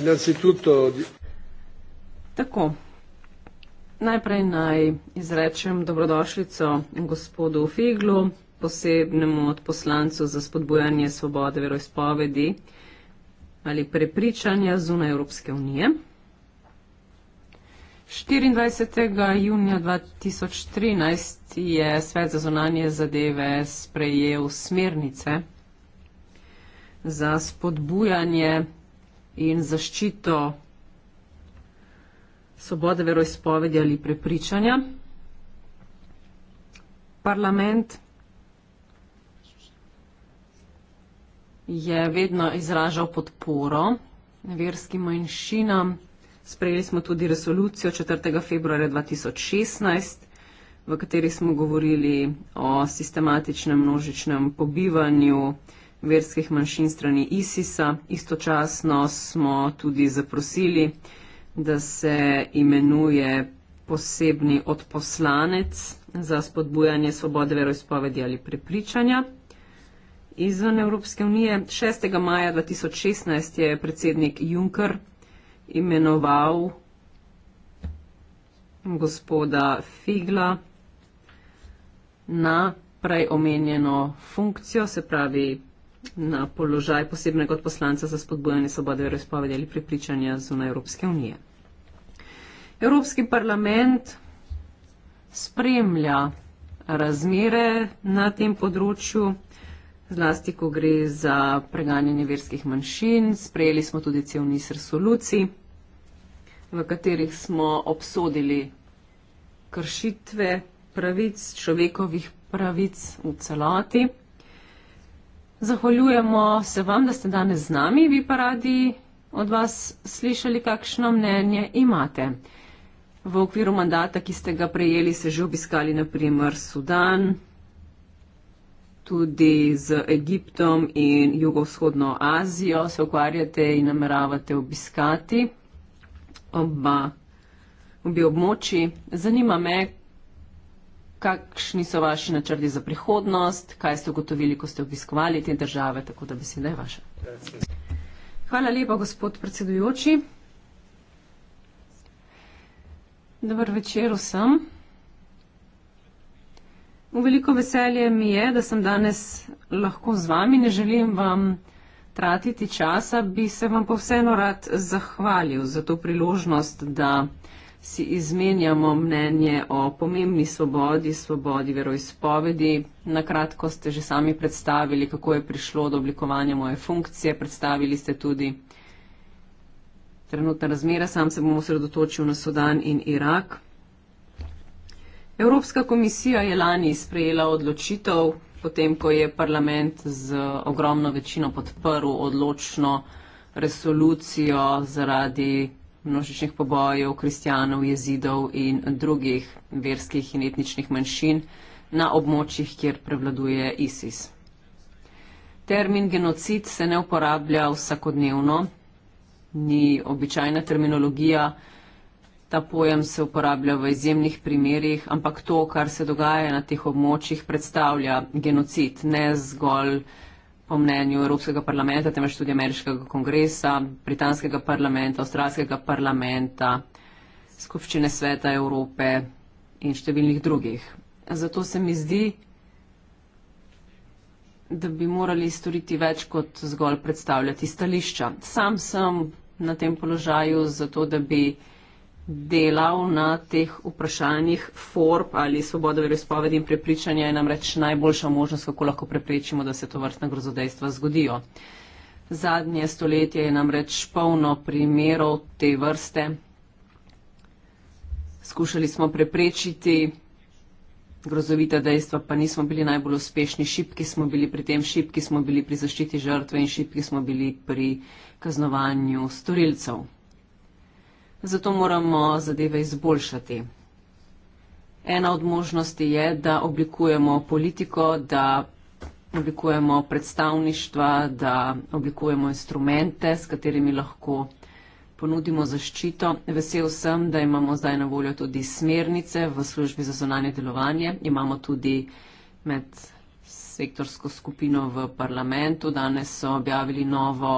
Innanzitutto... Tako. Najprej naj izrečem dobrodošlico gospodu Figlu, posebnemu odposlancu za spodbujanje svobode veroizpovedi ali prepričanja zunaj Evropske unije. 24. junija 2013 je Svet za zonanje zadeve sprejel smernice za spodbujanje in zaščito svobode veroizpovedi ali prepričanja. Parlament je vedno izražal podporo verskim manjšinam. Sprejeli smo tudi resolucijo 4. februarja 2016, v kateri smo govorili o sistematičnem množičnem pobivanju verskih manjšin strani ISIS-a. Istočasno smo tudi zaprosili, da se imenuje posebni odposlanec za spodbujanje svobode veroizpovedi ali prepričanja izven Evropske unije. 6. maja 2016 je predsednik Juncker imenoval gospoda Figla na prej omenjeno funkcijo, se pravi na položaj posebnega odposlanca za spodbojanje svobode razpovedi ali pripričanja zunaj Evropske unije. Evropski parlament spremlja razmere na tem področju, zlasti ko gre za preganjanje verskih manjšin. Sprejeli smo tudi cel niz resolucij, v katerih smo obsodili kršitve pravic, človekovih pravic v celoti. Zahvaljujemo se vam, da ste danes z nami, vi pa radi od vas slišali, kakšno mnenje imate. V okviru mandata, ki ste ga prejeli, ste že obiskali naprimer Sudan, tudi z Egiptom in jugovzhodno Azijo se ukvarjate in nameravate obiskati oba, obi območji. Zanima me, kakšni so vaši načrti za prihodnost, kaj ste ugotovili, ko ste obiskovali te države, tako da beseda je vaša. Hvala lepa, gospod predsedujoči. Dobar večer vsem. V veliko veselje mi je, da sem danes lahko z vami, ne želim vam tratiti časa, bi se vam pa vseeno rad zahvalil za to priložnost, da si izmenjamo mnenje o pomembni svobodi, svobodi veroizpovedi. Na kratko ste že sami predstavili, kako je prišlo do oblikovanja moje funkcije, predstavili ste tudi trenutna razmera, sam se bom osredotočil na Sudan in Irak. Evropska komisija je lani sprejela odločitev, potem ko je parlament z ogromno večino podprl odločno resolucijo zaradi množičnih pobojev kristjanov, jezidov in drugih verskih in etničnih manjšin na območjih, kjer prevladuje ISIS. Termin genocid se ne uporablja vsakodnevno, ni običajna terminologija, ta pojem se uporablja v izjemnih primerjih, ampak to, kar se dogaja na teh območjih, predstavlja genocid, ne zgolj genocid po mnenju Evropskega parlamenta, temveč tudi Ameriškega kongresa, Britanskega parlamenta, Avstralskega parlamenta, Skupščine sveta Evrope in številnih drugih. Zato se mi zdi, da bi morali storiti več kot zgolj predstavljati stališča. Sam sem na tem položaju zato, da bi delal na teh vprašanjih forb ali svobodo verospovedi in prepričanja je namreč najboljša možnost, kako lahko preprečimo, da se to vrstna grozodejstva zgodijo. Zadnje stoletje je namreč polno primerov te vrste. Skušali smo preprečiti grozovita dejstva, pa nismo bili najbolj uspešni. Šipki smo bili pri tem, šipki smo bili pri zaščiti žrtve in šipki smo bili pri kaznovanju storilcev zato moramo zadeve izboljšati. Ena od možnosti je, da oblikujemo politiko, da oblikujemo predstavništva, da oblikujemo instrumente, s katerimi lahko ponudimo zaščito. Vesel sem, da imamo zdaj na voljo tudi smernice v službi za zonanje delovanje. Imamo tudi med sektorsko skupino v parlamentu. Danes so objavili novo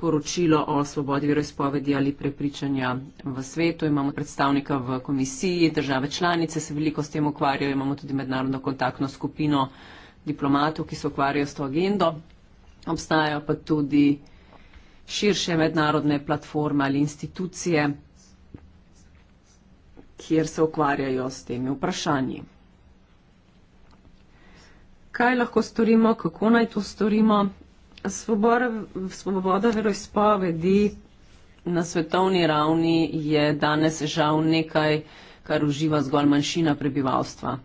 poročilo o svobodi veroizpovedi ali prepričanja v svetu. Imamo predstavnika v komisiji, države članice se veliko s tem ukvarjajo, imamo tudi mednarodno kontaktno skupino diplomatov, ki se ukvarjajo s to agendo. Obstajajo pa tudi širše mednarodne platforme ali institucije, kjer se ukvarjajo s temi vprašanji. Kaj lahko storimo, kako naj to storimo? Svoboda, svoboda veroizpovedi na svetovni ravni je danes žal nekaj, kar uživa zgolj manjšina prebivalstva.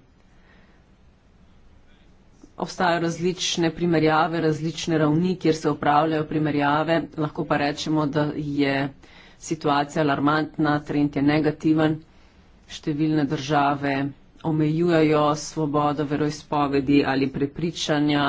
Obstajajo različne primerjave, različne ravni, kjer se upravljajo primerjave, lahko pa rečemo, da je situacija alarmantna, trend je negativen, številne države omejujajo svobodo veroizpovedi ali prepričanja,